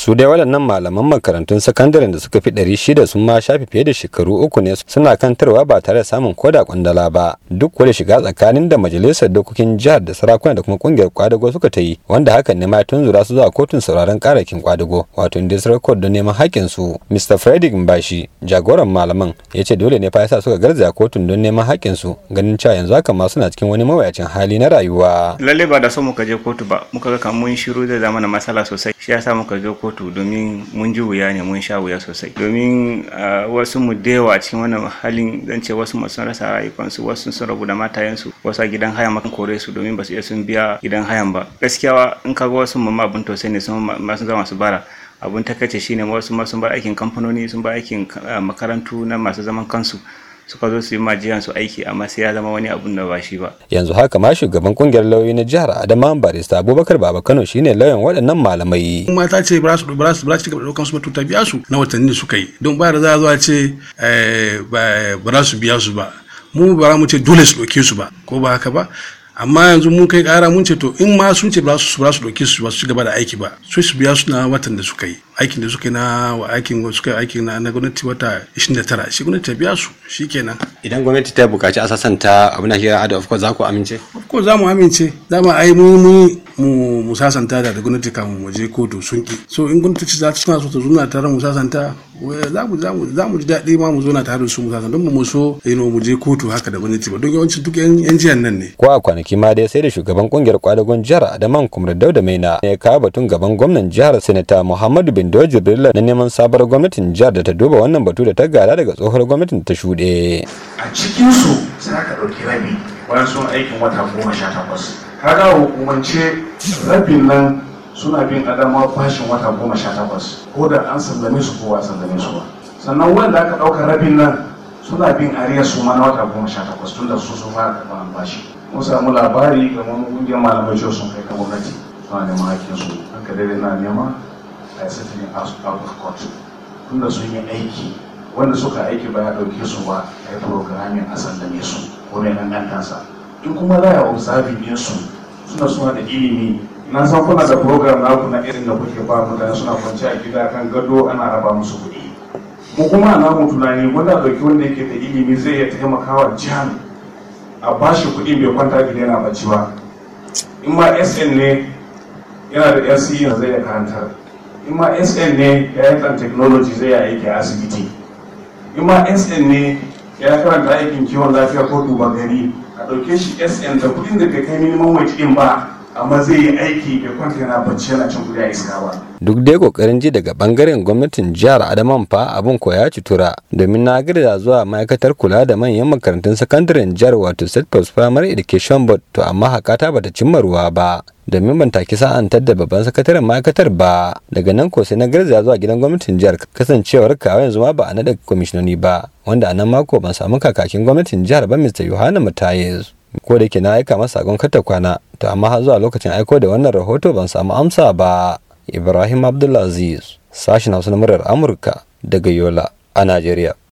su dai waɗannan malaman makarantun sakandaren da suka fi ɗari shida sun ma shafi fiye da shekaru uku ne suna kantarwa ba tare da samun koda kwandala ba duk wanda shiga tsakanin da majalisar dokokin jihar da sarakuna da kuma ƙungiyar kwadago suka ta yi wanda hakan ne ma tunzura su zuwa kotun sauraron karakin kwadago wato indisar kod don neman haƙƙin su mr fredrick mbashi jagoran malaman ya ce dole ne fa sa suka garzaya kotun don neman haƙƙin su ganin cewa yanzu haka ma suna cikin wani mawuyacin hali na rayuwa lalle ba da so muka je kotu ba muka ga kamun shiru zai zama na matsala sosai shi yasa muka je kotu kotu domin mun ji wuya ne mun sha wuya sosai domin wasu mu da yawa a cikin wannan halin zan ce wasu sun rasa rayukansu wasu sun rabu da matayensu wasu a gidan haya makan kore su domin ba su iya sun biya gidan hayan ba gaskiya in ka ga wasu ma abin tausayi ne sun sun zama su bara abun takaice shine wasu ma sun bar aikin kamfanoni sun bar aikin makarantu na masu zaman kansu suka zo su yi majiyan su aiki amma sai ya zama wani abun da ba shi ba yanzu haka ma shugaban kungiyar lauyoyi na jihar adama barista abubakar baba kano shine lauyan waɗannan malamai kuma ta ce ba su ba su ba su ɗaukan su ba ta biya su na watanni da suka yi don ba da za a zo a ce eh, ba za su biya su ba mu ba mu ce dole su ɗauke su ba ko ba haka ba amma yanzu mun kai kara mun ce to in ma sun ce ba su ba su dauke su ba su gaba da aiki ba su su biya suna watan da suka yi aikin da suka yi na wa aikin suka yi aikin na na gwamnati wata 29 shi gwamnati ta biya su shikenan idan gwamnati ta bukaci a sasanta abin da ke da of course za ku amince of course za mu amince za mu ai mu mu mu sasanta da gwamnati kan mu je kotu sun ki so in gwamnati za ta so ta zuna tare mu za mu za mu za mu ji daɗi ma mu zuna tare su mu sasanta don mu so mu je kotu haka da gwamnati ba don yawanci duk yan jihar nan ne ko a kwanaki ma dai sai da shugaban kungiyar kwadagon jihar Adaman Kumar Dauda Maina ya kawo batun gaban gwamnan jihar Sanata Muhammadu bin Bindo Jibrila na neman sabar gwamnatin jihar da ta duba wannan batu da ta gada daga tsohuwar gwamnatin ta shuɗe. a cikinsu sai aka ɗauki rabi bayan sun aikin wata goma sha takwas kaga hukumance rabin nan suna bin adama fashin wata goma sha takwas ko da an sallame su ko ba sallame su ba sannan wanda aka ɗauka rabin nan suna bin ariya su ma na wata goma sha takwas tun da su su fara karɓar bashi mun samu labari ga wani ƙungiyar malamai cewa sun kai ka gwamnati suna neman hakkin su an ka daidai na nema a yi satirin a court tun da sun yi aiki wanda suka aiki ba ya ɗauke su ba a yi programin a sallame su ko nan dangantansa in kuma za a observing ne su suna suna da ilimi na san kuna da program na kuna irin da kuke ba mutane suna kwanci a gida kan gado ana raba musu kuɗi mu kuma na mu tunani wanda ɗauki wanda yake da ilimi zai iya taimakawa jihar a bashi kuɗi bai kwanta gida yana bacci ba in ma sn ne yana da lce zai ya karantar in ma sn ne ya yi technology zai aiki a asibiti in ma sn ne ya karanta aikin kiwon lafiya ko duba gari a dauke shi sn da kuɗin da bai kai minimum wage din ba amma zai yi aiki da kwanta yana bacci yana cin kudi a iska ba. duk dai kokarin ji daga bangaren gwamnatin jihar adaman fa abin ko ya cutura domin na girda zuwa ma'aikatar kula da manyan makarantun sakandaren jihar wato state post primary education board to amma haka ta bata cimma ruwa ba domin ban take sa'antar da babban sakataren ma'aikatar ba daga nan ko sai na garzaya zuwa gidan gwamnatin jihar kasancewar kawai yanzu ma ba a naɗa kwamishinoni ba wanda a nan mako ban samu kakakin gwamnatin jihar ba mr yohana matayes ko da ke na aika masa sakon kata kwana to amma har zuwa lokacin aiko da wannan rahoto ban samu amsa ba ibrahim abdulaziz sashen hausa na murar amurka daga yola a najeriya